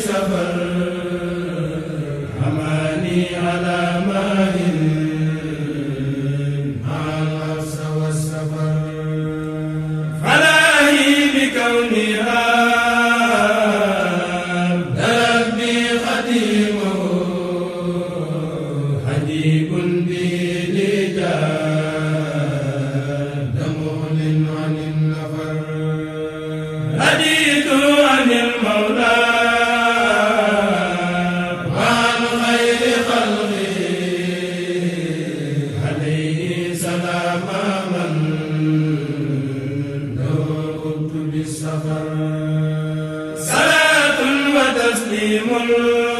safar مسلم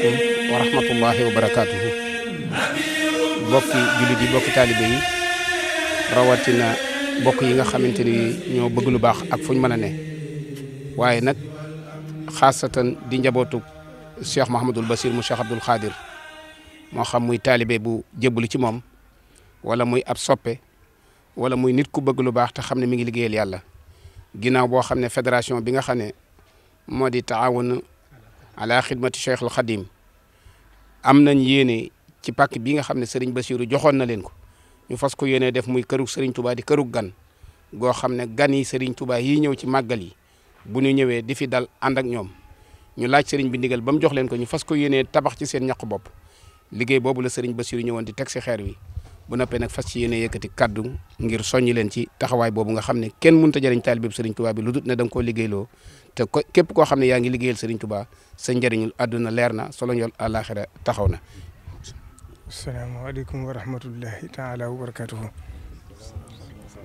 aleykum wa rahmatullahi wa barakaatuhu bokki jullit yi bokki taalibe yi rawatina bokk yi nga xamante ni ñoo bëgg lu baax ak fuñ mën a ne waaye nag xaasatan di njabootu cheikh mahamadul basir mu cheikh abdul xaadir moo xam muy taalibe bu jébbalu ci moom wala muy ab soppe wala muy nit ku bëgg lu baax te xam ne mu ngi liggéeyal yàlla ginnaaw boo xam ne fédération bi nga xam ne moo di taawun ala xidmati cheikhul xadim am nañ yéene ci pàkk bi nga xam ne sëriñ Basiru joxoon na leen ko ñu fas ko yéene def muy kërug sëriñ Touba di kërug gan goo xam ne gan yi sëriñ Touba yi ñëw ci màggal yi bu ñu ñëwee di fi dal ànd ak ñoom ñu laaj sëriñ bi ndigal ba mu jox leen ko ñu fas ko yéene tabax ci seen ñaq bopp liggéey boobu la sëriñ Basiru ñëwoon di teg si xeer wi bu noppee nag fas ci yéene yëkkati kaddu ngir soññ leen ci taxawaay boobu nga xam ne kenn mënut a jëriñ taalibe Serigne Touba bi lu dul ne da nga koo liggéeyloo te ko képp koo xam ne yaa ngi liggéeyal Serigne Touba sa njëriñul àdduna leer na solo ñol àllaaxira taxaw na. asalaamaaleykum wa rahmatullahi taala wa barakatuhu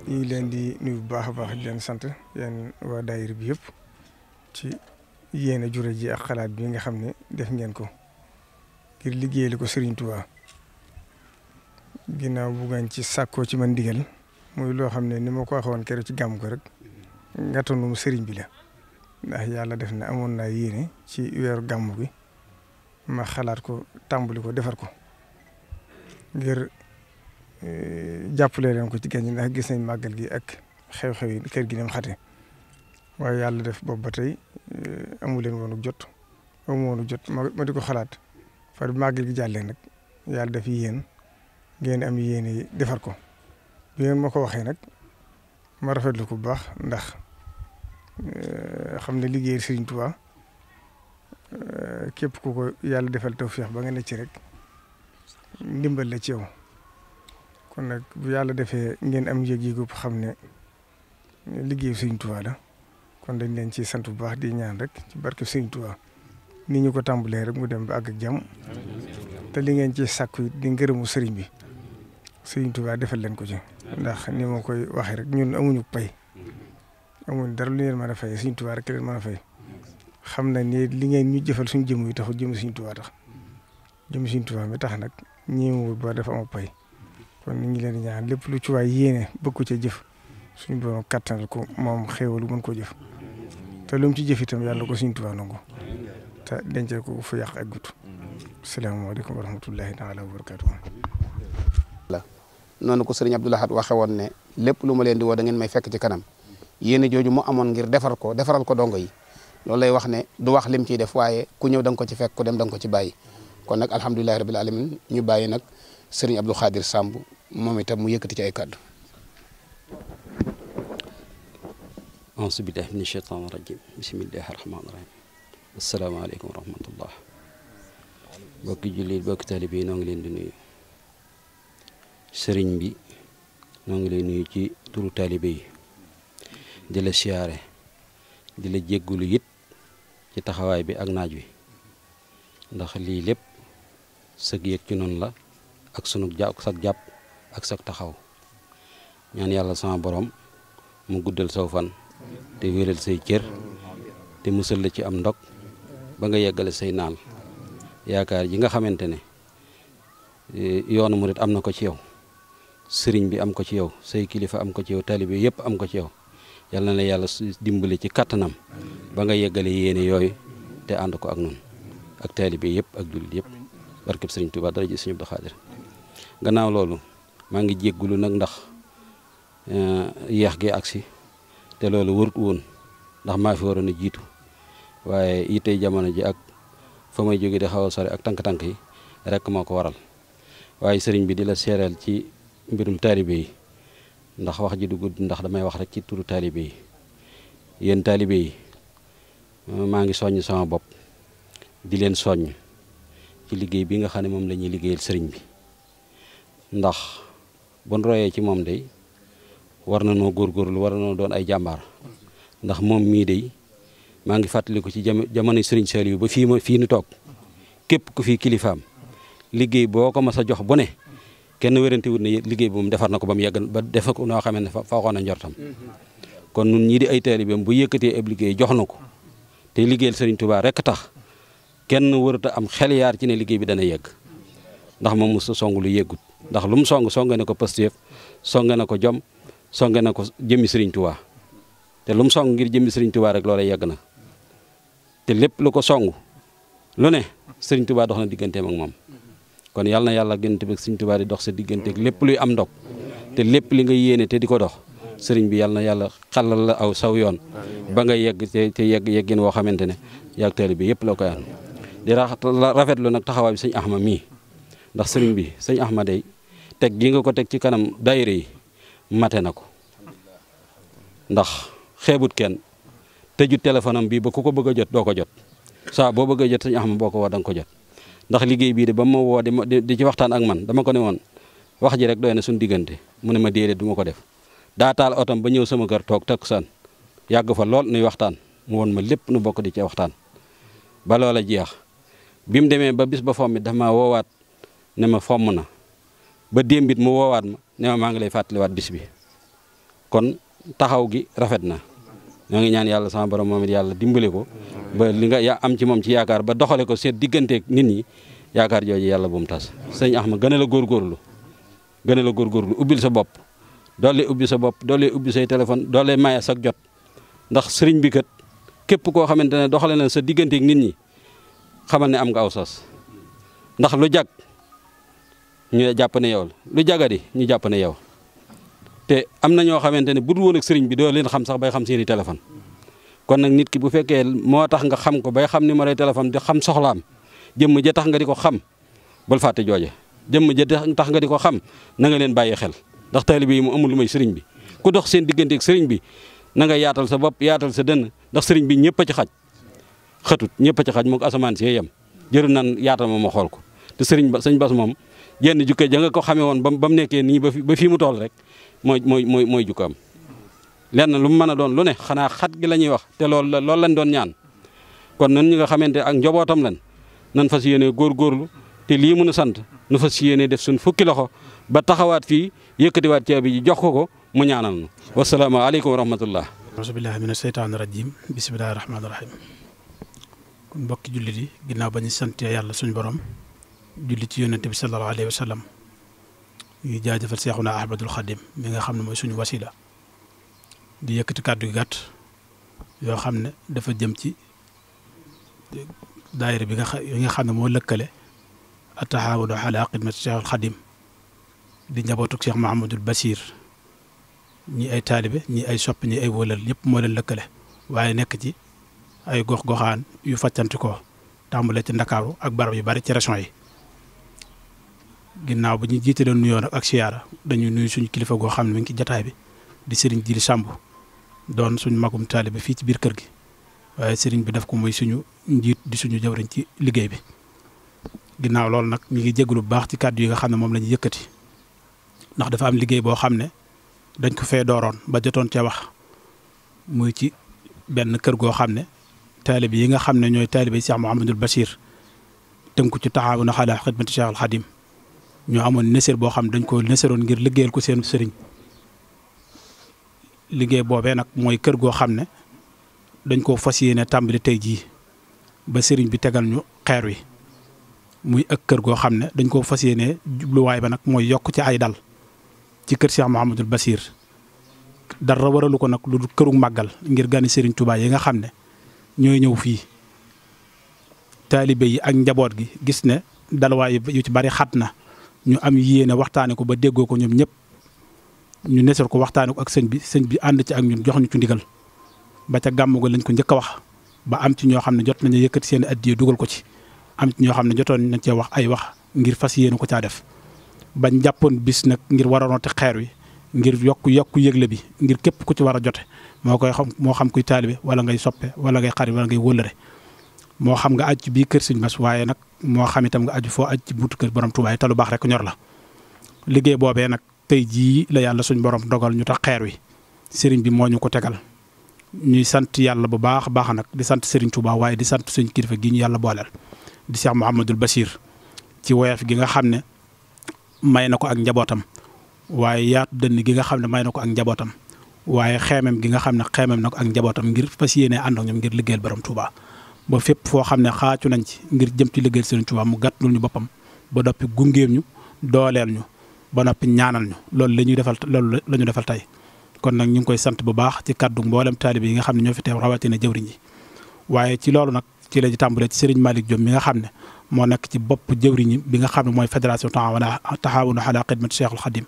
ñu leen di bu baax a baax di leen sant yéen bi yëpp ci yéen a jure ak xalaat bi nga xam ne def ngeen ko ngir liggéeyal ko Serigne Touba. ginnaaw bu ngeen ci sàkkoo ci man ndigal muy loo xam ne ni ma ko waxoon keroog ci gàmm ko rek ngatanum sëriñ bi la ndax yàlla def na amoon naa yéene ci weeru gàmm bi ma xalaat ko tàmbali ko defar ko ngir eh, jàppale leen ko ci gan ñi ndax gis nañ màggal gi ak xew-xew yi kër gi dem xate waaye yàlla def boobu ba tey eh, amu leen woonu jot amu woonu jot ma di ko xalaat far màggal gi jàllee nag yàlla def yéen ngeen am yéene defar ko bi ngeen ma ko waxee nag ma rafetlu ko bu baax ndax eh, xam ne liggéey Sëriñ Tuubaa eh, képp ku ko yàlla defal feex ba nga ne ci rek ndimbal la ci yow kon nag bu yàlla defee ngeen am yëg yëgu xam ne liggéey Sëriñ Tuubaa la kon dañ leen ci sant bu baax di ñaan rek ci barke Sëriñ Tuubaa ni ñu ko tàmbalee rek mu dem ba àgg ak jàmm te li ngeen ci sàkku di ngërëmu sëriñ bi Sëriñ Tuubaa defal leen ko ci ndax ni ma koy waxee rek ñun amuñu pay amuñ dara lu leen mën a fay Sëriñ Tuubaa rek leen mën a fay xam na ni li ngeen ñu jëfal suñu jëm tax taxul jëm Sëriñ Tuubaa tax jëm Sëriñ Tuubaa mi tax nag ñeewul ba dafa am pay kon ñu di ñaan lépp lu ci waay yéene bëgg ko cee jëf suñu borom kattanal ko moom xéewal mën ko jëf te lum mu ci jëf itam yàlla ko Sëriñ Tuubaa nangu te dencee ko fu yàq ak gut salaamaaleykum wa rahmatullahi taala wa barakatuh la noonu ko sëriñ Abdou Lahad waxe woon ne lépp lu ma leen di woo da may fekk ci kanam yéen jooju mu amoon ngir defar ko defaral ko dongo yi loolu lay wax ne du wax lim ciy def waaye ku ñëw dang ko ci fekk ku dem da ko ci bàyyi kon nag alhamdulilahi rabil alamin ñu bàyyi nag sëriñ Abdou Khadir Samb moom itam mu yëkkati ci ay kàddu auzu billahi min shaytaan rajim bismillahi rahmaani rahim asalaamaaleykum wa rahmatullah bokki jullit bokki taalibe yi ngi leen di nuyu sëriñ bi noo ngi lay nuyu ci turu taalibe yi di la siyaare di la jéggulu it ci taxawaay bi ak naaj wi ndax lii lépp sëg yëg ci noonu la ak sunu ja sag jàpp ak sag taxaw ñaan yàlla sama boroom mu guddal saw fan te wéral say cër te musal la ci am ndog ba nga yeggale say naal yaakaar ji nga xamante ne eh, yoonu murit am na ko ci yow sëriñ bi am ko ci yow say kilifa am ko ci yow taalibe yëpp am ko ci yow yal na la yàlla dimbali ci kattanam ba nga yeggale yéene yooyu te ànd ko ak noonu ak taalibe yëpp ak jullit yëpp barkeb sëriñ Tuubaa dara ji sëriñ Abdu Xaadir loolu maa ngi jéggulu nag ndax eh, yeex gi agsi te loolu warut woon ndax maa fi waroon a jiitu waaye itey jamono ji ak fa may jóge di xaw a sori ak tànk-tànk yi rek moo ko waral waaye sëriñ bi di la seereel ci mbirum taalibe yi ndax wax ji du gudd ndax damay wax rek ci turu taalibe yi yéen taalibe yi maa ngi soññ sama bopp di leen soññ ci liggéey bi nga xam ne moom lañuy ñuy liggéeyal sëriñ bi ndax bon royee ci moom day war na noo góorgóorlu war na noo doon ay jàmbaar ndax moom mii day maa ngi fàttaliku ci jamono sëriñ Saliou ba fii ma fii nu toog képp ku fi kilifaam liggéey boo ko mas a jox bu ne kenn wérante na liggéey bi moom defar na ko ba mu yegg ba defe ko noo xamee ne faaxoon a njortam kon nun ñii di ay taalibeem bu yëkkatee ab liggéey jox na ko te liggéeyal Sëriñ Tuubaa rekk tax kenn wërata am xel yaar ci ne liggéey bi dana yegg ndax moom mos song lu yeggut ndax lu mu song songe na ko Pastef songe na ko jom songe na ko jëmmi Sëriñ Tuubaa te lu mu song ngir jëmmi Sëriñ Tuubaa rek loola yegg na te lépp lu ko song lu ne Sëriñ Tuubaa dox na digganteem ak moom kon yàlla na yàlla gënte bi Sëriñ Tuubaa di dox sa diggante lépp luy am ndog te lépp li nga yéene te di ko dox sëriñ bi yàlla na yàlla xalal la aw saw yoon ba nga yegg te te yegg yeggin woo xamante ne yàgg bi yëpp la koy am di rafetlu nag taxawaay bi sëñ Ahma mii ndax sëriñ bi sëñ Ahma day teg gi nga ko teg ci kanam daayira yi mate na ko ndax xeebut kenn tëju téléphone am bii ba ku ko bëgg a jot doo ko jot saa boo bëgg a jot sëñ Ahma boo ko woo da nga ko jot ndax liggéey bii de ba ma woo di ci waxtaan ak man dama ko ne woon wax ji rek doy na suñu diggante mu ne ma déedéet duma ko def daa taal otom ba ñëw sama kër toog takkusaan yàgg fa lool nuy waxtaan mu woon ma lépp nu bokk di ci waxtaan ba loola jeex bi mu demee ba bis ba fomm it dafa ma woowaat ne ma fomm na ba démbit mu woowaat ma ne ma maa ngi lay fàttaliwaat bis bi kon taxaw gi rafet na ñoo ngi ñaan yàlla sama borom moom it yàlla dimbale ko ba li nga ya am ci moom ci yaakaar ba doxale ko seet digganteeg nit ñi yaakaar jooju yàlla bu mu tas sëñ Axma gën a la góorgóorlu gën a la góorgóorlu ubbil sa bopp doole ubbi sa bopp doole ubbi say téléphone doolee maye sa jot ndax sëriñ bi kat képp koo xamante ne doxale na sa digganteeg nit ñi xamal ne am nga aw sas ndax lu jag ñu jàpp ne yow lu jagadi ñu jàpp ne yow te am na ñoo xamante ne bu dul woon ak sëriñ bi doo leen xam sax bay xam seeni téléphone kon nag nit ki bu fekkee moo tax nga xam ko bay xam numéro téléphone di xam soxlaam jëmm ja tax nga di ko xam bul fàtte jooje jëmm ja tax nga di ko xam na nga leen bàyyi xel ndax taalibe yi amul lu may sëriñ bi ku dox seen diggante sëriñ bi na nga yaatal sa bopp yaatal sa dënn ndax sëriñ bi ñëpp a xaj xëtut ñëpp a ci moo ko asamaan yem jëru nan yaatal ma ma xool ko te sëriñ ba sañ bas moom yenn jukkee ja nga ko xamee woon ba mu nekkee nii ba fi mu toll rek mooy mooy mooy mooy jukkaam lenn lu mu mën a doon lu ne xanaa xat gi la ñuy wax te loolu la loolu lañ doon ñaan kon nan ñi nga xamante ak njobootam lan nan fas yéene góorgóorlu te lii mën a sant nu fas yéene def suñ fukki loxo ba taxawaat fii yëkkatiwaat ceebi ji jox ko ko mu ñaanal nu wasalaamaaleykum wa rahmatullah asubillahi mina seytaani rajim bisimilahi rahmaani rahim kon mbokki jullit yi ginnaaw ba ñu sant yàlla suñu borom julli ci yonente bi sallallahu alayhi wa ñuy jaajëfal Seexuna Ahmadul Xadim mi nga xam ne mooy suñu wasila di yëkkati kàddu gi gàtt yoo xam ne dafa jëm ci daayira bi nga xam ne moo lëkkale ataxaawunu ala xidmati Seexul Xadim di njabootuk Seex Mahamadul Basiir ñi ay taalibe ñi ay soppi ñi ay wëlal ñëpp moo leen lëkkale waaye nekk ci ay gox goxaan yu fàccanti ko tàmbale ci Ndakaaru ak barab yu bari ci région yi ginnaaw ba ñu jiite doon nuyoo ak siyaara dañuy nuyu suñu kilifa goo xam ne mi ngi ci jataay bi di sëriñ Jili Sàmb doon suñu magum taalibe fii ci biir kër gi waaye sëriñ bi daf ko muy suñu njiit di suñu jawriñ ci liggéey bi ginnaaw loolu nag ñu ngi jégalu bu baax ci kàddu yi nga xam ne moom la ñu yëkkati ndax dafa am liggéey boo xam ne dañ ko fee dooroon ba jotoon ca wax muy ci benn kër goo xam ne taalibe yi nga xam ne ñooy taalibe Cheikh Mouhamadul Bachir tënku ci taxaawu na xalaa ñoo amoon nësër boo xam ne dañ koo nësëroon ngir liggéeyal ko seen sëriñ liggéey boobee nag mooy kër goo xam ne dañ koo fas yéene tàmbali tey jii ba sëriñ bi tegal ñu xeer wi muy ak kër goo xam ne dañ koo fas yéene jubluwaay ba nag mooy yokk ci ay dal ci kër Cheikh Mouhamadul Basir dara waralu ko nag lu këru màggal ngir gani sëriñ Touba yi nga xam ne ñooy ñëw fii taalibe yi ak njaboot gi gis ne dalwaay yu ci bari xat na ñu am yéene waxtaane ko ba déggoo ko ñoom ñëpp ñu nesal ko waxtaane ko ak sëñ bi sëñ bi ànd ci ak ñun jox ñu ci ndigal ba ca gàmmu lañ ko njëkk a wax ba am ci ñoo xam ne jot nañu yëkkati seen addiya dugal ko ci am ci ñoo xam ne jotoon nañ cee wax ay wax ngir fas yéene ko caa def bañ jàppoon bis nag ngir war a nooti xeer wi ngir yokku yokku yëgle bi ngir képp ku ci war a jote moo koy xam moo xam kuy taalibe wala ngay soppe wala ngay xarit wala ngay wëllëre moo xam nga ci bii kër suñ mas waaye nag moo xam itam nga aju foo aju ci buntu kër borom Touba yi te lu baax rek ñor la liggéey boobee nag tey jii la yàlla suñ borom dogal ñu tax xeer wi sëriñ bi moo ñu ko tegal ñuy sant yàlla bu baax a baax nag di sant sëriñ Touba waaye di sant suñ kilifa gi ñu yàlla booleel di Cheikh Mouhamadul Bachir ci woyof gi nga xam ne may na ko ak njabootam waaye yaatu dënn gi nga xam ne may na ko ak njabootam waaye xeemem gi nga xam ne xeemem na ko ak njabootam ngir fas yéenee ànd ak ngir liggéeyal borom Touba. ba fépp foo xam ne xaacu nañ ci ngir jëm ci liggéey Sëriñ Tuubaa mu gàttul ñu boppam ba noppi gungeem ñu dooleel ñu ba noppi ñaanal ñu loolu la ñuy defal loolu la ñu defal tey kon nag ñu ngi koy sant bu baax ci kàddu mboolem taalibe yi nga xam ne ñoo fi teew rawatina jëwriñ yi waaye ci loolu nag ci la ñu tàmbalee ci Serigne Malick Diop mi nga xam ne moo nekk ci bopp jëwriñ bi nga xam ne mooy fédération taxawunu ala xidmati Cheikhul Xadim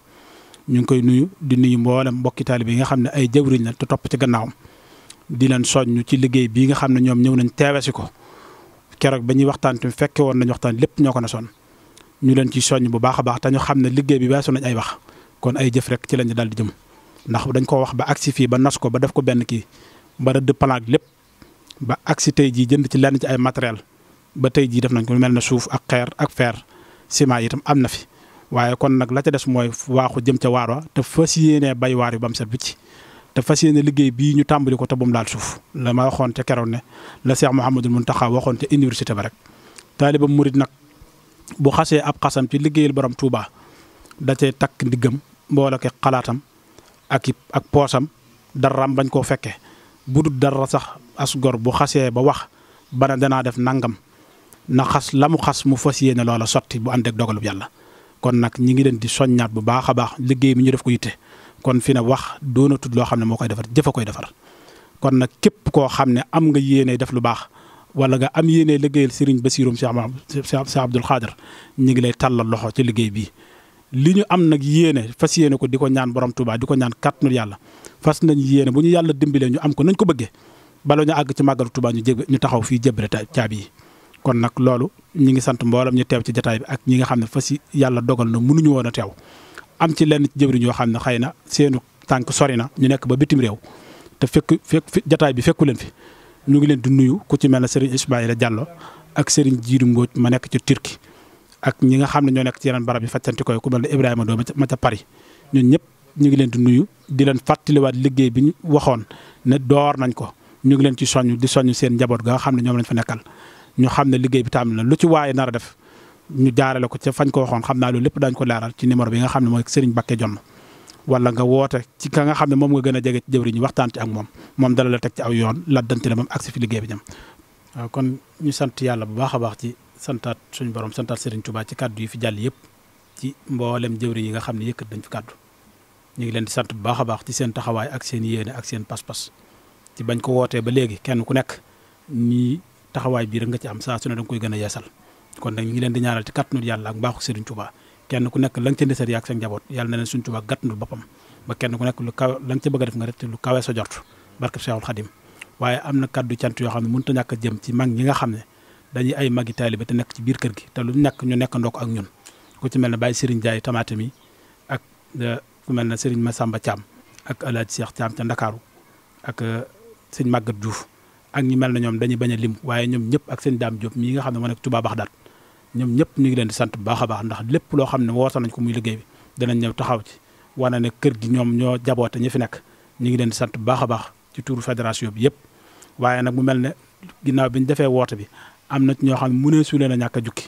ñu ngi koy nuyu di nuyu mboolem mbokki taalibe yi nga xam ne ay jëwriñ la te topp ci gannaawam di leen soññ ci liggéey bii nga xam ne ñoom ñëw nañ teewe si ko keroog ba ñuy waxtaan tamit fekke woon nañ waxtaan lépp ñoo ko na son ñu leen ci soññ bu baax a baax te ñu xam ne liggéey bi weesu nañ ay wax kon ay jëf rek ci lañ daal di jëm ndax dañ koo wax ba agsi fii ba nas ko ba def ko benn kii ba rëdd plan lépp ba agsi tey jii jënd ci lenn ci ay matériel ba tey jii def nañ ko mel na suuf ak xeer ak fer ciment itam am na fi waaye kon nag la ca des mooy waaxu jëm ca waar wa te fas yéenee bay waar ba mu set wicc te fas yéene liggéey bii ñu tàmbali ko te laal suuf la ma waxoon te keroon ne la Cheikh Mouhamadul Mountakha waxoon te université ba rek. taaliba murit nag bu xasee ab xasam ci liggéeyal borom Touba da cee takk ndiggam mboole ko xalaatam ak i ak poosam daram bañ koo fekkee bu dul dara sax as gor bu xasee ba wax bana danaa def nangam na xas la mu xas mu fas yéene loola sotti bu ànd ak dogalub yàlla kon nag ñi ngi leen di soññaat bu baax a baax liggéey bi ñu def ko yitte. kon fi ne wax doonatu loo xam ne moo koy defar jëf a koy defar kon nag képp koo xam ne am nga yéene def lu baax wala nga am yéene liggéeyal Serigne Bassirou Cheikh Cheikh Abdoul xaadar ñu ngi lay tàllal loxo ci liggéey bi li ñu am nag yéene fas yéene ko di ko ñaan borom Touba di ko ñaan kàttanu yàlla fas nañ yéene bu ñu yàlla dimbalee ñu am ko nañ ko bëggee bala ñu àgg ci màggalu Touba ñu jég ñu taxaw fii jébbale caabi yi kon nag loolu ñi ngi sant mboolam ñu teew ci jataay bi ak ñi nga xam ne fas yàlla dogal na mënuñu woon a teew am ci lenn jëwriñoo xam ne xëy na seenu tànk sori na ñu nekk ba bitim réew te fekk fekk jataay bi fekku leen fi ñu ngi leen di nuyu ku ci mel ne Serigne Ismaïla Diallo ak Serigne Jiidu Mbóoj ma nekk ci Turquie ak ñi nga xam ne ñoo nekk ci yeneen barab yi faccanti koy ku mel Ibrahima Doo ma ca Paris ñun ñëpp ñu ngi leen di nuyu di leen fàttaliwaat liggéey bi ñu waxoon ne door nañ ko ñu ngi leen ci soññ di soññ seen njaboot gaa nga xam ne ñoom lañ fa nekkal ñu xam ne liggéey bi tam na lu ci waaye nar a def ñu jaarale ko ca fañ ko waxoon xam naa loolu lépp daañu ko leeral ci numéro bi nga xam ne mooy Serigne Bakke Jonn wala nga woote ci ka nga xam ne moom nga gën a jege ci jëwriñ ñu waxtaan ci ak moom moom dala la teg ci aw yoon la dante la moom agsi fi liggéey bi ñam waaw kon ñu sant yàlla bu baax a baax ci santaat suñu borom santaat Serigne Touba ci kàddu yi fi jàll yëpp ci mboolem jëwriñ yi nga xam ne yëkkat dañ fi kàddu ñu ngi leen di sant bu baax a baax ci seen taxawaay ak seen yéene ak seen pas-pas ci bañ ko wootee ba léegi kenn ku nekk nii taxawaay bii nga ci am saa su ne danga koy a yeesal kon nag ñu ngi leen di ñaaral ci kàttanu yàlla ak mbaaxu Serigne Touba kenn ku nekk la nga ca desar yaag sa njaboot yàlla na leen suñ Touba gàttanul boppam ba kenn ku nekk lu kawe la ca bëgg a def nga def te lu kawe sa jort barkeb Seexul Xadim waaye am na kàddu cant yoo xam ne mënut a ñàkk jëm ci mag ñi nga xam ne dañuy ay magi taalibe te nekk ci biir kër gi te lu nekk ñu nekk ndokk ak ñun ko ci mel ne Baye Serigne Jaay tamaate mi ak euh, ku mel ne Serigne Massamba Thiam ak Alaaji Seex Thiam ca Ndakaaru ak euh, sëñ Maguette Diouf ak ñi mel na ñoom a lim waaye ñoom ñëpp ak sëñ Daam Diop mii nga xam ne moo nekk Touba Baxdaat ñoom ñëpp ñu ngi leen di sant bu baax a baax ndax lépp loo xam ne woote nañ ko muy liggéey bi danañ ñëw taxaw ci wane ne kër gi ñoom ñoo jaboote ñi fi nekk ñu ngi leen di sant bu baax a baax ci turu fédération bi yëpp waaye nag mu mel ne ginnaaw bi ñu defee woote bi am na ci ñoo xam mu ne su na ñàkk a jukki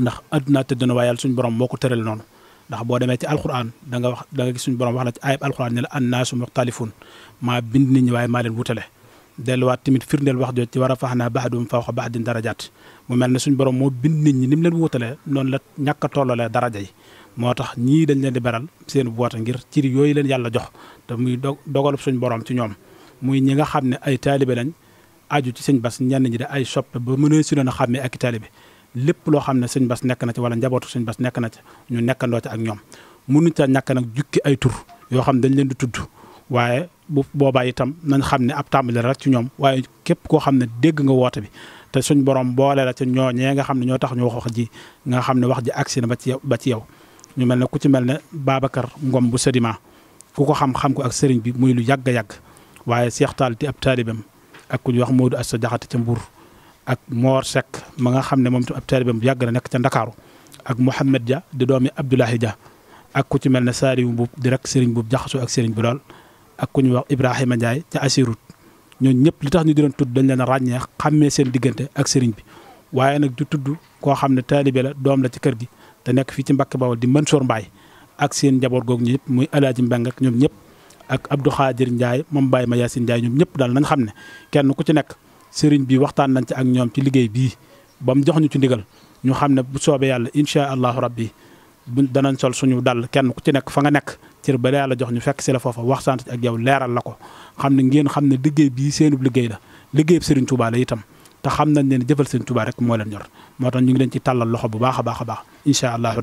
ndax addunaa tëdd na waaye suñu borom moo ko tëral noonu ndax boo demee ci alquran da nga wax da nga gis suñu borom wax na ci ayib alquran ne la annaasu muxtalifun maa bind nit ñi waaye maa leen wutale delluwaat tamit firndeel wax jooju ci war a fax naa baxdum fawqa baxdin darajaat mu mel ne suñ borom moo bind nit ñi ni mu leen wutalee noonu la ñàkk a la daraja yi moo tax ñii dañ leen di beral seen woote ngir cir yooyu leen yàlla jox te muy dogal suñu boroom ci ñoom muy ñi nga xam ne ay taalibe lañ aju ci sëñ bas ñenn ñi de ay soppe ba mën si doon a xàmmee ak i taalibe lépp loo xam ne sëñ bas nekk na ci wala njabootu sëñ bas nekk na ci ñu nekkandoo ak ñoom mënuñ ca ñàkk nag jukki ay tur yoo xam dañ leen di tudd waaye bu boobaa itam nañ xam ne ab tàmbali rek ci ñoom waaye képp koo xam ne dégg nga woote bi te suñ borom boole la ci ñooñee nga xam ne ñoo tax ñu wax wax ji nga xam ne wax ji agsi na ba ci yow ba ci yow ñu mel ne ku ci mel ne Babacar Ngom bu Sedima ku ko xam-xam ko ak sëriñ bi muy lu yàgg a yàgg waaye Seex Taal di ab taalibam ak ku ñuy wax Modou Asta Jaxate ca Mbuur ak Moor Seck ma nga xam ne moom itam ab taalibam bu yàgg na nekk ca Ndakaaru ak Mouhamed Dia di doomi Abdoulahi ja ak ku ci mel ne Saari bu di rek sëriñ jaxasoo ak sëriñ bi lool ak ku ñuy wax Ibrahima Ndiaye ca Assirut ñooñu ñëpp li tax ñu di leen tudd dañ leen a ràññee xàmmee seen diggante ak sëriñ bi waaye nag du tudd koo xam ne taalibe la doom la ci kër gi te nekk fii ci Mbàkke Bawol di Mansour Mbaye ak seen njaboot googu ñëpp muy Alaaji mbàngak ñoom ñëpp ak Abdou Khadir Ndiaye moom Baye ma Yacine Ndiaye ñoom ñëpp daal nañ xam ne kenn ku ci nekk sëriñ bi waxtaan nañ ci ak ñoom ci liggéey bii ba mu jox ñu ci ndigal ñu xam ne bu soobee yàlla incha allahu rabbi buñ danañ sol suñu dal kenn ku ci nekk fa nga nekk cër ba la jox ñu fekk si la foofa waxtaan ci ak yow leeral la ko xam ne ngeen xam ne liggéey bii seenub liggéey la liggéey Serigne Touba la itam te xam nañ leen jëfal rek moo leen ñor moo tax ñu ngi leen ci tàllal loxo bu baax a baax a baax incha allahu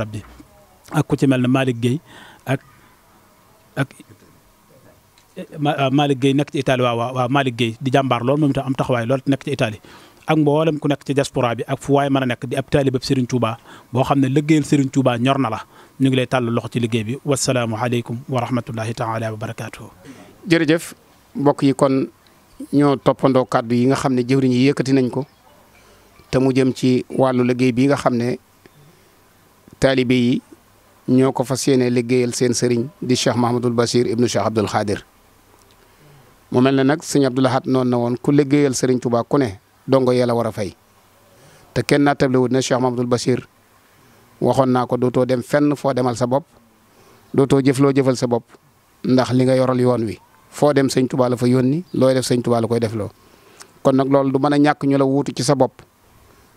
ak ku ci mel ne Malick Guèye ak ak euh, Malick Guèye nekk ci Italie waaw waaw Malick Guèye di jàmbaar lool moom itam am taxawaay lool nekk ci Italie ak mboolem ku nekk ci diaspora bi ak fu waay mën a nekk di ab taalibab Serigne Touba boo xam ne liggéeyal Serigne Touba ñor na la ñu ngi lay tàll loxo ci liggéey bi wasalaamu alekum wa rahmatullahi taala wa barakaatuhu jërëjëf mbokk yi kon ñoo toppandoo kàddu yi nga xam ne jëwriñ yi nañ ko te mu jëm ci wàllu liggéey bi nga xam ne taalibe yi ñoo ko fas yéene liggéeyal seen sëriñ di Cheikh Mahamadul Bachir ibnu Cheikh Abdoul Khadir mu mel ne nag sëñ Abdoul Ahad noonu na woon ku liggéeyal sëriñ Touba ku ne dongo yee la war a fay te kenn naa tablewut ne Cheikh Mamadou Bachir waxoon naa ko dootoo dem fenn foo demal sa bopp dootoo jëf loo jëfal sa bopp ndax li nga yorol yoon wi foo dem sëñ Tuubaa la fa yónni looy def sëñ Tuubaa la koy kon nag loolu du mën a ñàkk ñu la wuutu ci sa bopp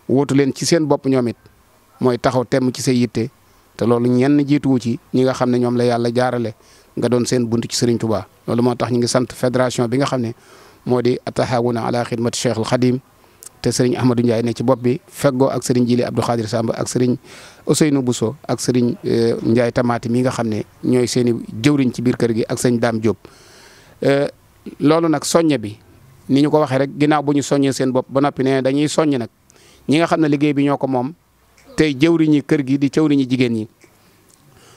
wuutu leen ci seen bopp ñoom it mooy taxaw temm ci say yitte te loolu ñenn jiituwu ci ñi nga xam ne ñoom la yàlla jaarale nga doon seen bunt ci Serigne Touba loolu moo tax ñu ngi sant fédération bi nga xam ne moo di atahaawuna ala xidmati Cheikh al Xadim te sëriñ Ahmadou Ndiaye ne ci bopp bi feggoo ak sëriñ Jili Abdou Khadir Samb ak sëriñ Ousseynou Bousso ak sëriñ euh, njaay Tamati mi nga xam ne ñooy seen i jëwriñ ci biir kër gi ak sëñ Dame Diop. Euh, loolu nag soññe bi ni ñu ko waxee rek ginnaaw bu ñu soññee seen bopp ba noppi ne dañuy soññ nag ñi nga xam ne liggéey bi ñoo ko moom tey jëwriñi kër gi di jëwriñi jigéen ñi.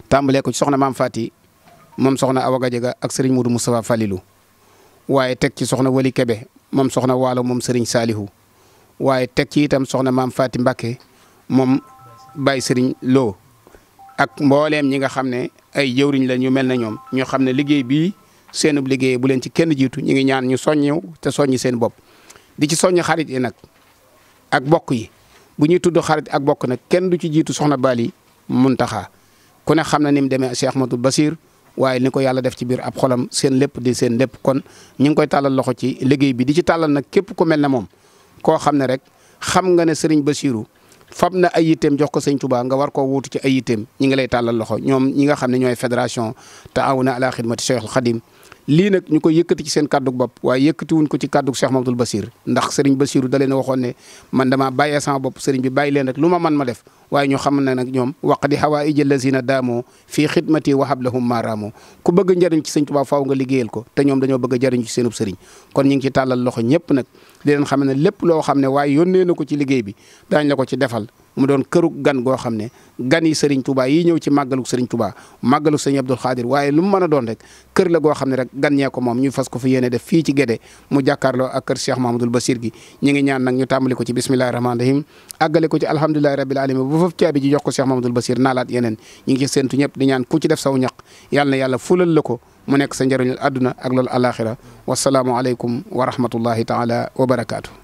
tàmbalee ko ci soxna maam Fati moom soxna Awa Gadiaga ak sëriñ Moudou Moustapha Falilou waaye teg ci soxna Wali Kebe moom soxna Waalo moom sëriñ Salihu waaye teg ci itam soxna maam Faati Mbàkke moom bay Serigne loo ak mbooleem ñi nga xam ne ay jëwriñ la ñu mel na ñoom ñoo xam ne liggéey bi seenub liggéey bu leen ci kenn jiitu ñu ngi ñaan ñu soññew te soññi seen bopp di ci soññ xarit yi nag ak bokk yi bu ñuy tudd xarit ak bokk nag kenn du ci jiitu soxna Bali Muntaxa ku ne xam na ni mu demee Cheikh Ahmadou Basir waaye ni ko yàlla def ci biir ab xolam seen lépp di seen lépp kon ñu ngi koy tàllal loxo ci liggéey bi di ci tàllal nag képp ku mel ne moom koo xam ne rek xam nga ne sëriñ Basiru fab na ay yitteem jox ko sëñ Touba nga war ko wuutu ci ay yitteem ñi ngi lay tàllal loxo ñoom ñi nga xam ne ñooy fédération taawuna ala xidmati Cheikhul Khadim lii nag ñu ko yëkkati ci seen kàddug bopp waaye wuñ ko ci kàddug Cheikh Mamadou Basir ndax sëriñ Basiru da leen waxoon ne man damaa bàyyee sama bopp sëriñ bi bàyyi leen rek lu ma man ma def waaye ñu xam ne nag ñoom waq di xawaa ijël lazina daamoo fii ku bëgg njëriñ ci sëñ Tuubaa faaw nga liggéeyal ko te ñoom dañoo bëgg a jëriñ ci seenub sëriñ kon ñu ngi ci tàllal loxo ñëpp nag di lépp loo xam ne waaye yónnee na ko ci liggéey bi daañ la ko ci defal mu doon gan goo xam ne gan yi Serigne Touba yi ñëw ci màggalug Serigne Touba màggalug Serigne Abdoul Khadir waaye lu mu mën a doon xam ne rek gan ko moom ñu fas ko fii ci Gédé mu jàkkaarloo gi ñu ngi nag ñu tàmbali ko ci bismillahi rahmaani rahim àggale ko ci alhamdulillahi rabbil alamin foofu caabi ji jox ko Cheikh Mamadou Basir naalaat yeneen ñu ngi ci séntu ñëpp di ñaan ku ci def saw ñaq yàlla na yàlla la ko mu nekk sa njëriñul àdduna ak loolu alaxira wasalaamu aleykum wa rahmatullahi taala wa barakaatu.